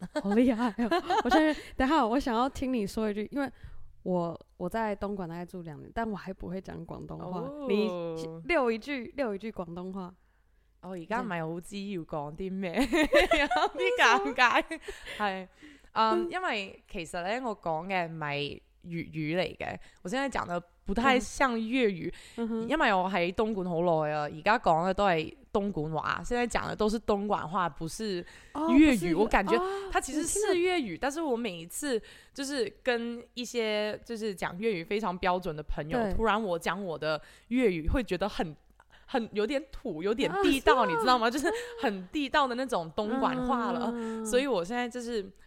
好厲厲害！ 我想等下，我想要聽你說一句，因為我我在東莞大概住兩年，但我還不會講廣東話。哦、你溜一句溜一句廣東話。我而家唔係好知要講啲咩，有啲尷尬。係 是、 嗯，因為其實咧，我講嘅唔係。粵語類嘅，我現在講的不太像粵語，因為我喺東莞好耐啊，而家講嘅都係東莞話，現在講的都是東莞話，不是粵語。哦，是哦。我感覺它其實是粵語，但是我每一次就是跟一些就是講粵語非常標準的朋友，突然我講我的粵語會覺得很很有點土，有點地道，啊、你知道嗎、啊？就是很地道的那種東莞話了，嗯、所以我現在就是。